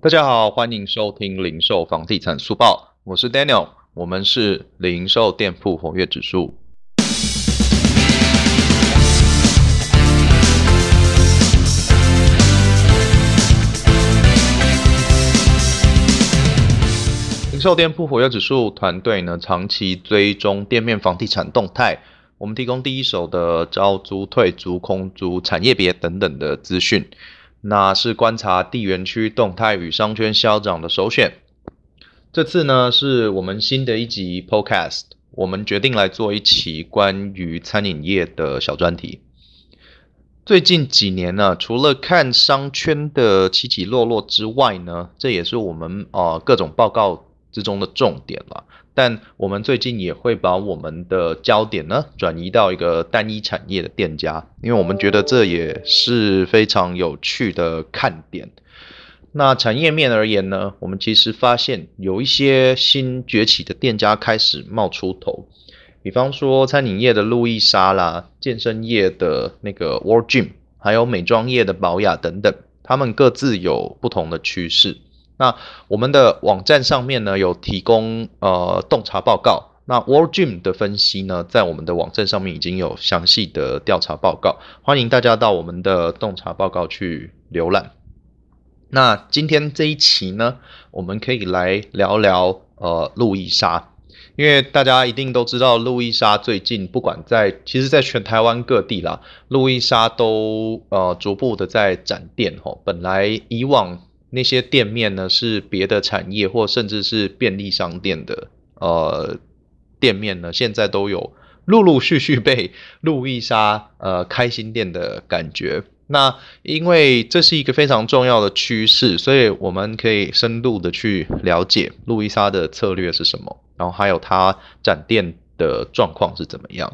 大家好，歡迎收聽零售房地產速報。我是 Daniel，我們是零售店鋪活躍指數。零售店鋪活躍指數團隊呢，長期追蹤店面房地產動態，我們提供第一手的招租、退租、空租、產業別等等的資訊。那是觀察地緣區動態與商圈消長的首選。這次呢，是我們新的一集 Podcast，我們決定來做一期關於餐飲業的小專題。最近幾年呢、啊，除了看商圈的起起落落之外呢，這也是我們啊、呃、各種報告之中的重點了。但我們最近也會把我們的焦點呢轉移到一個單一產業的店家，因為我們覺得這也是非常有趣的看點。那產業面而言呢，我們其實發現有一些新崛起的店家開始冒出頭，比方說餐飲業的路易莎啦，健身業的那個 World Gym，還有美妝業的寶雅等等，他們各自有不同的趨勢。那我們的網站上面呢，有提供呃洞察報告，那 World Gym 的分析呢，在我們的網站上面已經有詳細的調查報告，歡迎大家到我們的洞察報告去瀏覽。那今天這一期呢，我們可以來聊聊呃路易莎，因為大家一定都知道路易莎最近不管在其實，在全台灣各地啦，路易莎都呃逐步的在展店吼、哦、本來以往。那些店面呢，是別的產業或甚至是便利商店的呃店面呢，現在都有陸陸續續被路易莎呃開新店的感覺。那因為這是一個非常重要的趨勢，所以我們可以深度的去了解路易莎的策略是什麼，然後還有它展店的狀況是怎麼樣。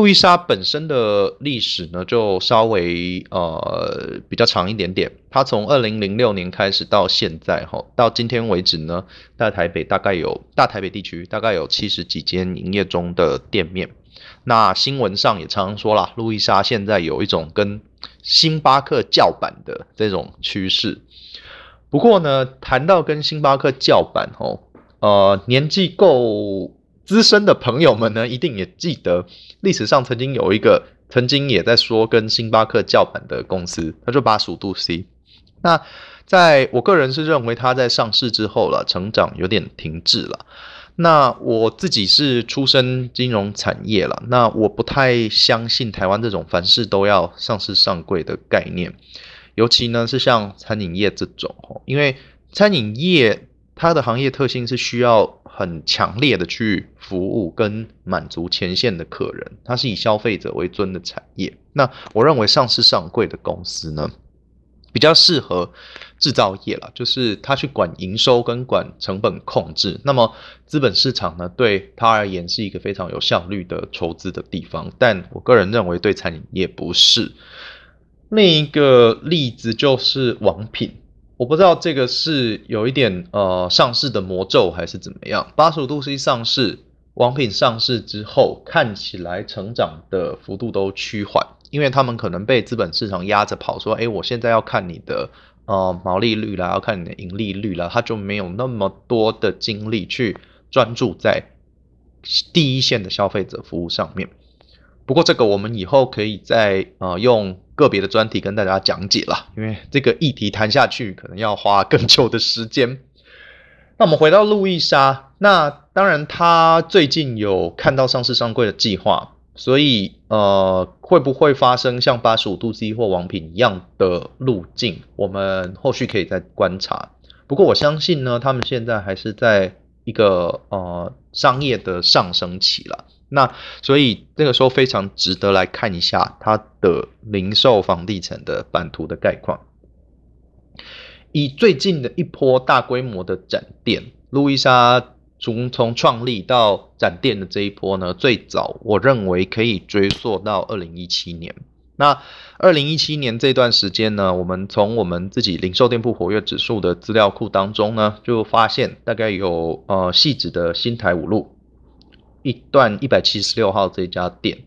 路易莎本身的歷史呢，就稍微呃比較長一點點。它從二零零六年開始到現在，哈，到今天為止呢，在台北大概有大台北地區大概有七十幾間營業中的店面。那新聞上也常常說啦，路易莎現在有一種跟星巴克叫板的這種趨勢。不過呢，談到跟星巴克叫板，哈，呃，年紀夠，資深的朋友們呢，一定也記得歷史上曾經有一個曾經也在說跟星巴克叫板的公司，他就85度 C。那在我個人是認為他在上市之後了，成長有點停滯了。那我自己是出身金融產業了，那我不太相信台灣這種凡事都要上市上櫃的概念，尤其呢是像餐飲業這種哦，因為餐飲業。它的行業特性是需要很強烈的去服務跟滿足前線的客人，它是以消費者為尊的產業。那我認為上市上櫃的公司呢，比較適合製造業啦，就是他去管營收跟管成本控制。那麼資本市場呢，對他而言是一個非常有效率的籌資的地方，但我個人認為對餐飲業不是。另一個例子就是王品。我不知道這個是有一點呃上市的魔咒還是怎麼樣。八十五度 C 上市、王品上市之後，看起來成長的幅度都趨緩，因為他們可能被資本市場壓着跑，說：“哎、欸，我現在要看你的呃毛利率了，要看你的盈利率了。”他就沒有那麼多的精力去專注在第一線的消費者服務上面。不過這個我們以後可以再呃用。個別的專題跟大家講解了，因為這個議題談下去可能要花更久的時間。那我們回到路易莎，那當然她最近有看到上市上櫃的計劃，所以呃會不會發生像八十五度 C 或王品一樣的路徑，我們後續可以再觀察。不過我相信呢，他們現在還是在一個呃商業的上升期了。那所以這個時候非常值得來看一下它的零售房地產的版圖的概況。以最近的一波大規模的展店，路易莎從從創立到展店的這一波呢，最早我認為可以追溯到二零一七年。那二零一七年這段時間呢，我們從我們自己零售店鋪活躍指數的資料庫當中呢，就發現大概有呃汐止的新台五路。一段一百七十六號這家店，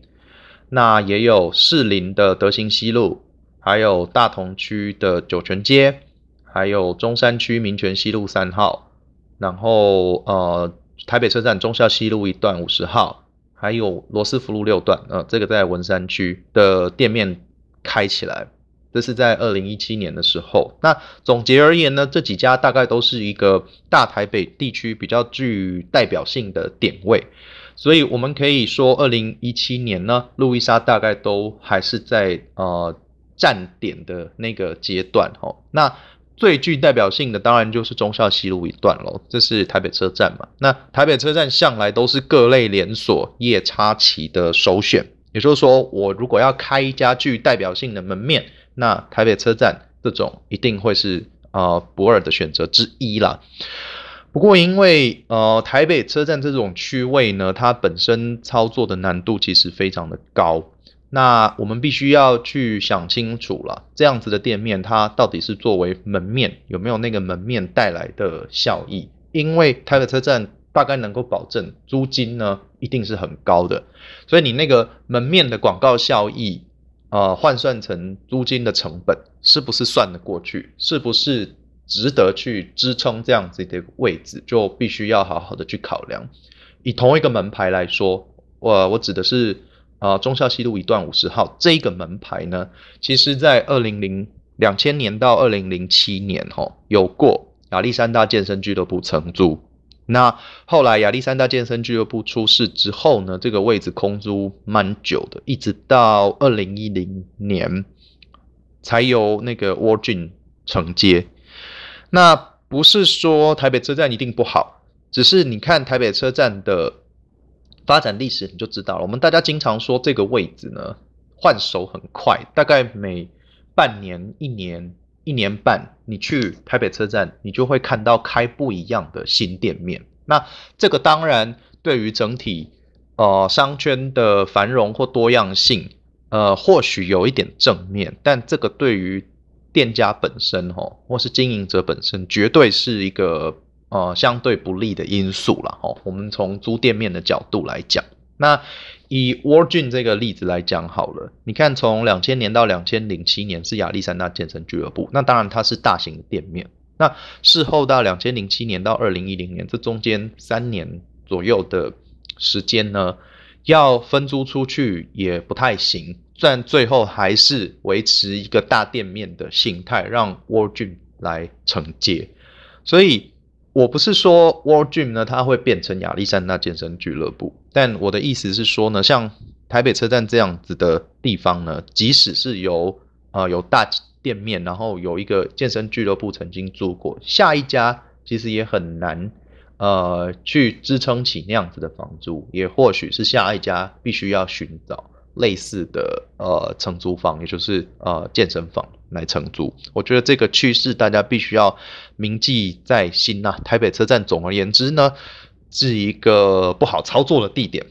那也有士林的德行西路，還有大同區的酒泉街，還有中山區民權西路三號，然後呃台北車站忠孝西路一段五十號，還有羅斯福路六段，呃這個在文山區的店面開起來，這是在二零一七年的時候。那總結而言呢，這幾家大概都是一個大台北地區比較具代表性的點位。所以我們可以說，二零一七年呢，路易莎大概都還是在呃站點的那個階段哈。那最具代表性的當然就是忠孝西路一段嘍，這是台北車站嘛。那台北車站向來都是各類連鎖業插旗的首選，也就是說，我如果要開一家具代表性的門面，那台北車站這種一定會是呃不二的選擇之一啦。不過，因為呃台北車站這種區位呢，它本身操作的難度其實非常的高。那我們必須要去想清楚了，這樣子的店面它到底是作為門面，有沒有那個門面帶來的效益？因為台北車站大概能夠保證租金呢，一定是很高的，所以你那個門面的廣告效益，呃，換算成租金的成本，是不是算得過去？是不是？值得去支撐這樣子的位置，就必須要好好的去考量。以同一個門牌來說，我我指的是啊忠孝西路一段五十號這個門牌呢，其實在二零零兩千年到二零零七年吼、喔，有過亞歷山大健身俱樂部承租。那後來亞歷山大健身俱樂部出事之後呢，這個位置空租蠻久的，一直到二零一零年才由那個 World Gym 承接。那不是說台北車站一定不好，只是你看台北車站的發展歷史你就知道了。我們大家經常說這個位置呢，換手很快，大概每半年、一年、一年半，你去台北車站，你就會看到開不一樣的新店面。那這個當然對於整體呃商圈的繁榮或多樣性，呃或許有一點正面，但這個對於店家本身、哦，吼，或是經營者本身，絕對是一個呃相對不利的因素了，吼、哦。我們從租店面的角度來講，那以 World Gym 這個例子來講好了，你看從兩千年到兩千零七年是亞歷山大健身俱樂部，那當然它是大型店面。那事後到兩千零七年到二零一零年這中間三年左右的時間呢，要分租出去也不太行。但最後還是維持一個大店面的形態，讓 World Gym 來承接。所以我不是說 World Gym 呢，它會變成亞歷山大健身俱樂部。但我的意思是說呢，像台北車站這樣子的地方呢，即使是有呃有大店面，然後有一個健身俱樂部曾經租過，下一家其實也很難呃去支撐起那樣子的房租，也或許是下一家必須要尋找。類似的呃，承租房，也就是呃，健身房來承租，我覺得這個趨勢大家必須要銘記在心吶啊。台北車站，總而言之呢，是一個不好操作的地點。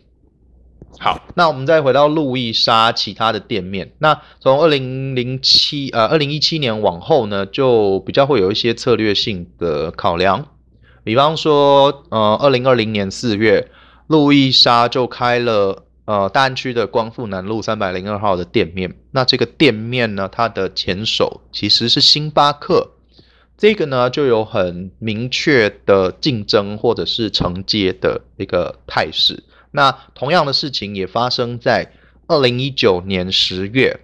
好，那我們再回到路易莎其他的店面。那從二零零七呃，二零一七年往後呢，就比較會有一些策略性的考量。比方說，呃，二零二零年四月，路易莎就開了。呃，大安區的光復南路三百零二號的店面，那這個店面呢，它的前手其實是星巴克，這個呢就有很明確的競爭或者是承接的一個態勢。那同樣的事情也發生在二零一九年十月，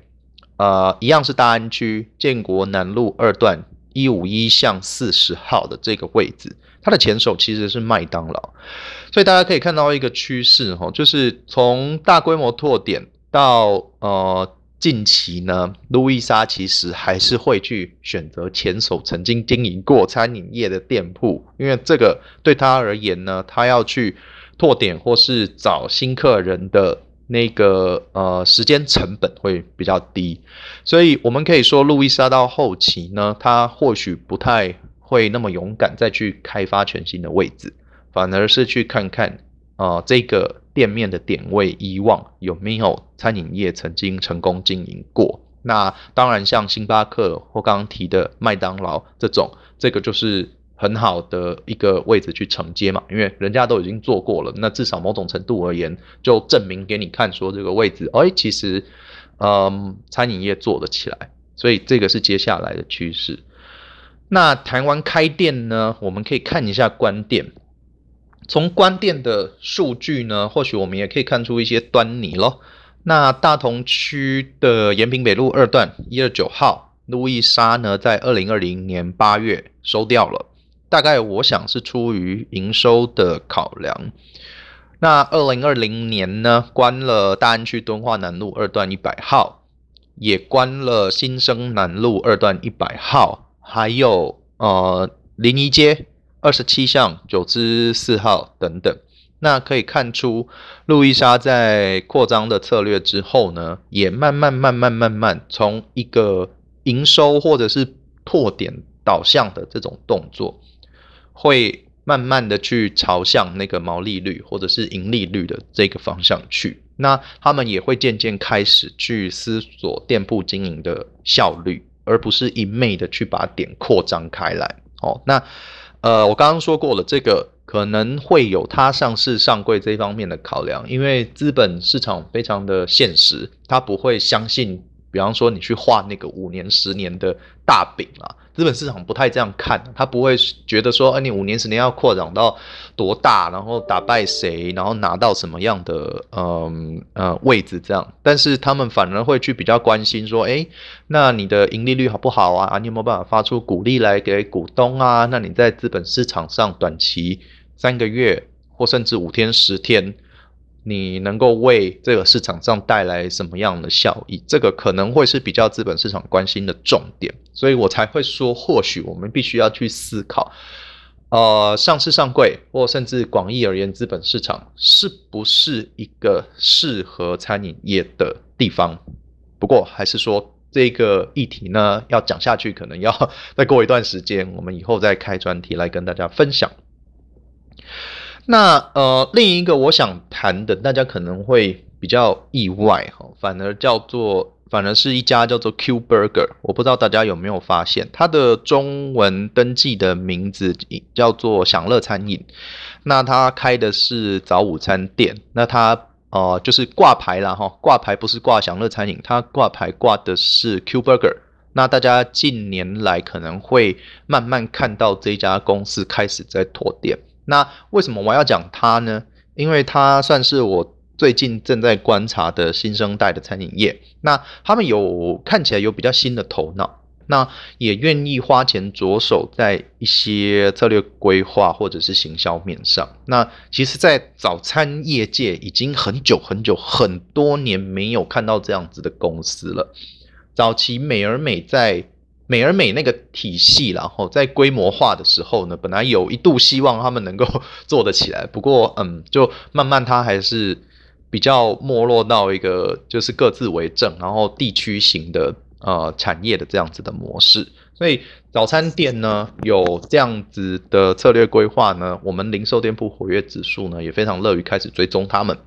呃，一樣是大安區建國南路二段一五一巷四十號的這個位置。他的前手其實是麥當勞，所以大家可以看到一個趨勢哈，就是從大規模拓點到呃近期呢，路易莎其實還是會去選擇前手曾經經營過餐飲業的店鋪，因為這個對他而言呢，他要去拓點或是找新客人的那個呃時間成本會比較低，所以我們可以說路易莎到後期呢，他或許不太。會那麼勇敢再去開發全新的位置，反而是去看看啊、呃、這個店面的點位以往有沒有餐飲業曾經成功經營過。那當然像星巴克或剛剛提的麥當勞這種，這個就是很好的一個位置去承接嘛，因為人家都已經做過了，那至少某種程度而言，就證明給你看說這個位置，哎、哦，其實，嗯、呃，餐飲業做得起來。所以這個是接下來的趨勢。那台灣開店呢？我們可以看一下關店。從關店的數據呢，或許我們也可以看出一些端倪咯。那大同區的延平北路二段一二九號，路易莎呢，在二零二零年八月收掉了，大概我想是出於營收的考量。那二零二零年呢，關了大安區敦化南路二段一百號，也關了新生南路二段一百號。還有呃，臨沂街二十七巷九之四號等等，那可以看出，路易莎在擴張的策略之後呢，也慢慢慢慢慢慢從一個營收或者是拓點導向的這種動作，會慢慢的去朝向那個毛利率或者是盈利率的這個方向去。那他們也會漸漸開始去思索店鋪經營的效率。而不是一昧的去把點擴張開來，哦，那，呃，我剛剛說過了，這個可能會有它上市上櫃這方面的考量，因為資本市場非常的現實，它不會相信，比方說你去畫那個五年、十年的大餅啊。資本市場不太這樣看，他不會覺得說，哎、欸，你五年十年要擴張到多大，然後打敗誰，然後拿到什麼樣的、嗯、呃呃位置這樣。但是他們反而會去比較關心，說，哎、欸，那你的盈利率好不好啊？啊你有沒有辦法發出股利來給股東啊？那你在資本市場上短期三個月或甚至五天、十天。你能夠為這個市場上帶來什麼樣的效益？這個可能會是比較資本市場關心的重點，所以我才會說，或許我們必須要去思考，呃，上市上櫃，或甚至廣義而言，資本市場是不是一個適合餐飲業的地方？不過，還是說這個議題呢，要講下去，可能要再過一段時間，我們以後再開專題來跟大家分享。那呃，另一個我想談的，大家可能會比較意外哈，反而叫做，反而是一家叫做 Q Burger，我不知道大家有沒有發現，它的中文登記的名字叫做享樂餐飲。那它開的是早午餐店，那它呃就是掛牌啦，哈，掛牌不是掛享樂餐飲，它掛牌掛的是 Q Burger。那大家近年來可能會慢慢看到這家公司開始在拓店。那為什麼我要講它呢？因為它算是我最近正在觀察的新生代的餐飲業。那他們有看起來有比較新的頭腦，那也願意花錢着手在一些策略規劃或者是行銷面上。那其實，在早餐業界已經很久很久很多年沒有看到這樣子的公司了。早期美而美在。美而美那個體系然後在規模化的時候呢，本來有一度希望他們能夠做得起來，不過嗯，就慢慢它還是比較沒落到一個就是各自為政，然後地區型的呃產業的這樣子的模式。所以早餐店呢，有這樣子的策略規劃呢，我們零售店鋪活躍指數呢也非常樂於開始追蹤他們。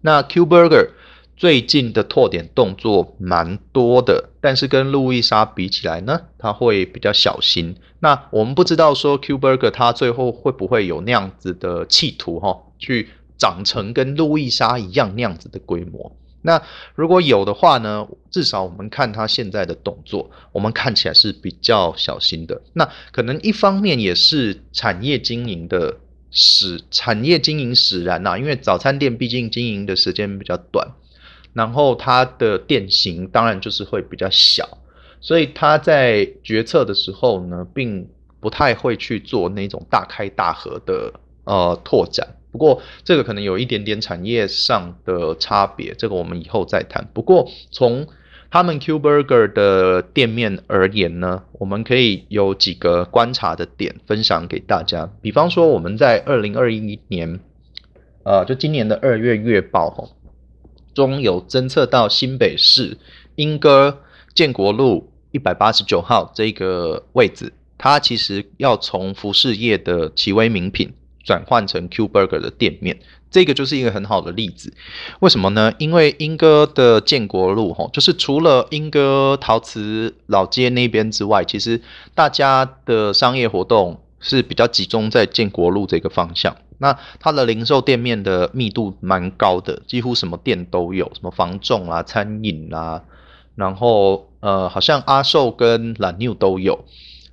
那 Q Burger 最近的拓點動作蠻多的。但是跟路易莎比起來呢，他會比較小心。那我們不知道說 Q Burger 他最後會不會有那樣子的企圖哈、哦，去長成跟路易莎一樣那樣子的規模？那如果有的話呢，至少我們看他現在的動作，我們看起來是比較小心的。那可能一方面也是產業經營的使產業經營使然吶、啊，因為早餐店畢竟經營的時間比較短。然後它的店型當然就是會比較小，所以他在決策的時候呢，並不太會去做那種大開大合的呃拓展。不過這個可能有一點點產業上的差別，這個我們以後再談。不過從他們 Q Burger 的店面而言呢，我們可以有幾個觀察的點分享給大家。比方說我們在二零二一年，呃，就今年的二月月報、哦中有偵測到新北市鶯歌建國路一百八十九號這個位置，它其實要從服飾業的奇威名品轉換成 Q Burger 的店面，這個就是一個很好的例子。為什麼呢？因為鶯歌的建國路，吼，就是除了鶯歌陶瓷老街那邊之外，其實大家的商業活動是比較集中在建國路這個方向。那它的零售店面的密度蠻高的，幾乎什麼店都有，什麼房仲啊、餐飲啦、啊，然後呃，好像阿瘦跟 La New 都有。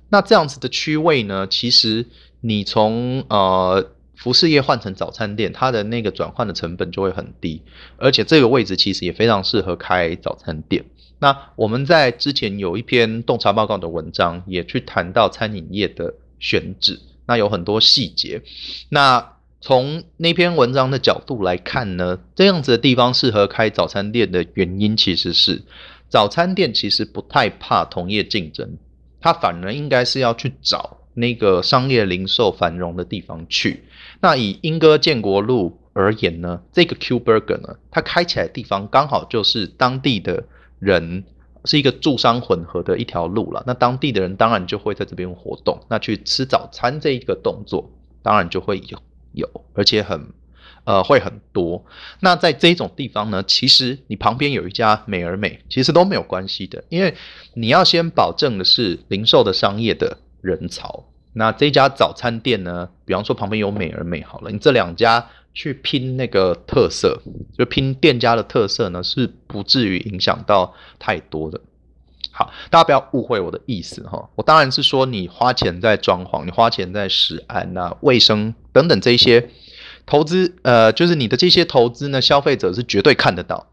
那這樣子的區位呢，其實你從呃服飾業換成早餐店，它的那個轉換的成本就會很低，而且這個位置其實也非常適合開早餐店。那我們在之前有一篇洞察報告的文章也去談到餐飲業的選址，那有很多細節，那。從那篇文章的角度來看呢，這樣子的地方適合開早餐店的原因其實是，早餐店其實不太怕同業競爭，它反而應該是要去找那個商業零售繁榮的地方去。那以鶯歌建國路而言呢，這個 Q Burger 呢，它開起來的地方剛好就是當地的人，是一個住商混合的一條路啦。那當地的人當然就會在這邊活動，那去吃早餐這一個動作，當然就會有。有，而且很，呃，會很多。那在這種地方呢，其實你旁邊有一家美而美，其實都沒有關係的，因為你要先保證的是零售的商業的人潮。那這家早餐店呢，比方說旁邊有美而美好了，你這兩家去拼那個特色，就拼店家的特色呢，是不至於影響到太多的。好，大家不要誤會我的意思哈。我當然是說，你花錢在裝潢，你花錢在食安啊、衛生等等這一些投資，呃，就是你的這些投資呢，消費者是絕對看得到。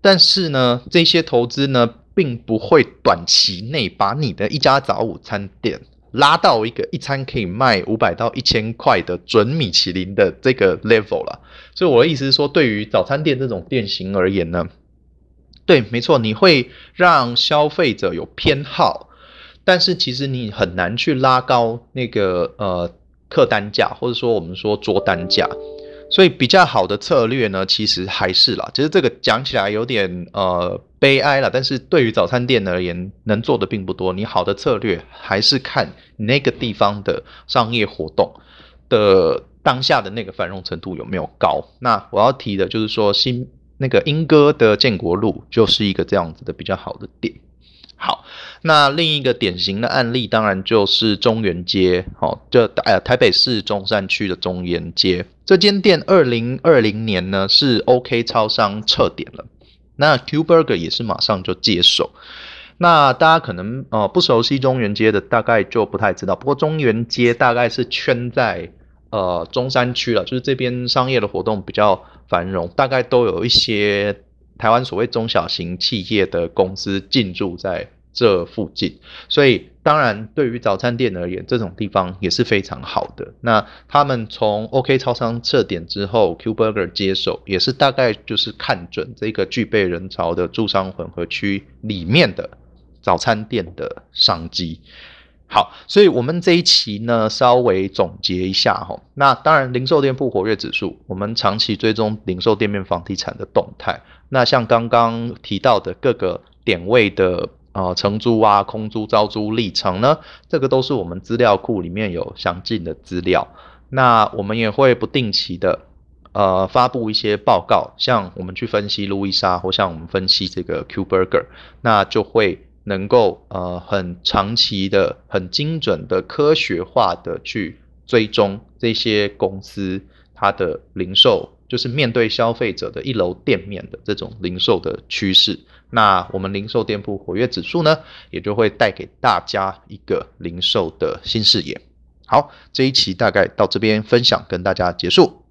但是呢，這些投資呢，並不會短期內把你的一家早午餐店拉到一個一餐可以賣五百到一千塊的準米其林的這個 level 了。所以我的意思是說，對於早餐店這種店型而言呢。對，沒錯，你會讓消費者有偏好，但是其實你很難去拉高那個呃客單價，或者說我們說桌單價。所以比較好的策略呢，其實還是啦，其實這個講起來有點呃悲哀啦，但是對於早餐店而言，能做的並不多。你好的策略還是看你那個地方的商業活動的當下的那個繁榮程度有沒有高。那我要提的就是說新。那個鶯歌的建國路就是一個這樣子的比較好的點好，那另一個典型的案例，當然就是中原街，好，就哎、呃、台北市中山區的中原街這間店，二零二零年呢是 OK 超商撤點了，那 Q Burger 也是馬上就接手。那大家可能、呃、不熟悉中原街的，大概就不太知道。不過中原街大概是圈在。呃，中山區啦，就是這邊商業的活動比較繁榮，大概都有一些台灣所謂中小型企業的公司進駐在這附近，所以當然對於早餐店而言，這種地方也是非常好的。那他們從 OK 超商撤點之後，Q Burger 接手，也是大概就是看準這個具備人潮的住商混合區裡面的早餐店的商機。好，所以，我們這一期呢，稍微總結一下哈、哦。那當然，零售店鋪活躍指數，我們長期追蹤零售店面房地產的動態。那像剛剛提到的各個點位的啊，呃、承租啊、空租、招租歷程呢，這個都是我們資料庫裡面有詳盡的資料。那我們也會不定期的呃發布一些報告，像我們去分析路易莎，或像我們分析這個 Q Burger，那就會。能夠呃很長期的、很精準的、科學化的去追蹤這些公司它的零售，就是面對消費者的一樓店面的這種零售的趨勢。那我們零售店鋪活躍指數呢，也就會帶給大家一個零售的新視野。好，這一期大概到這邊分享，跟大家結束。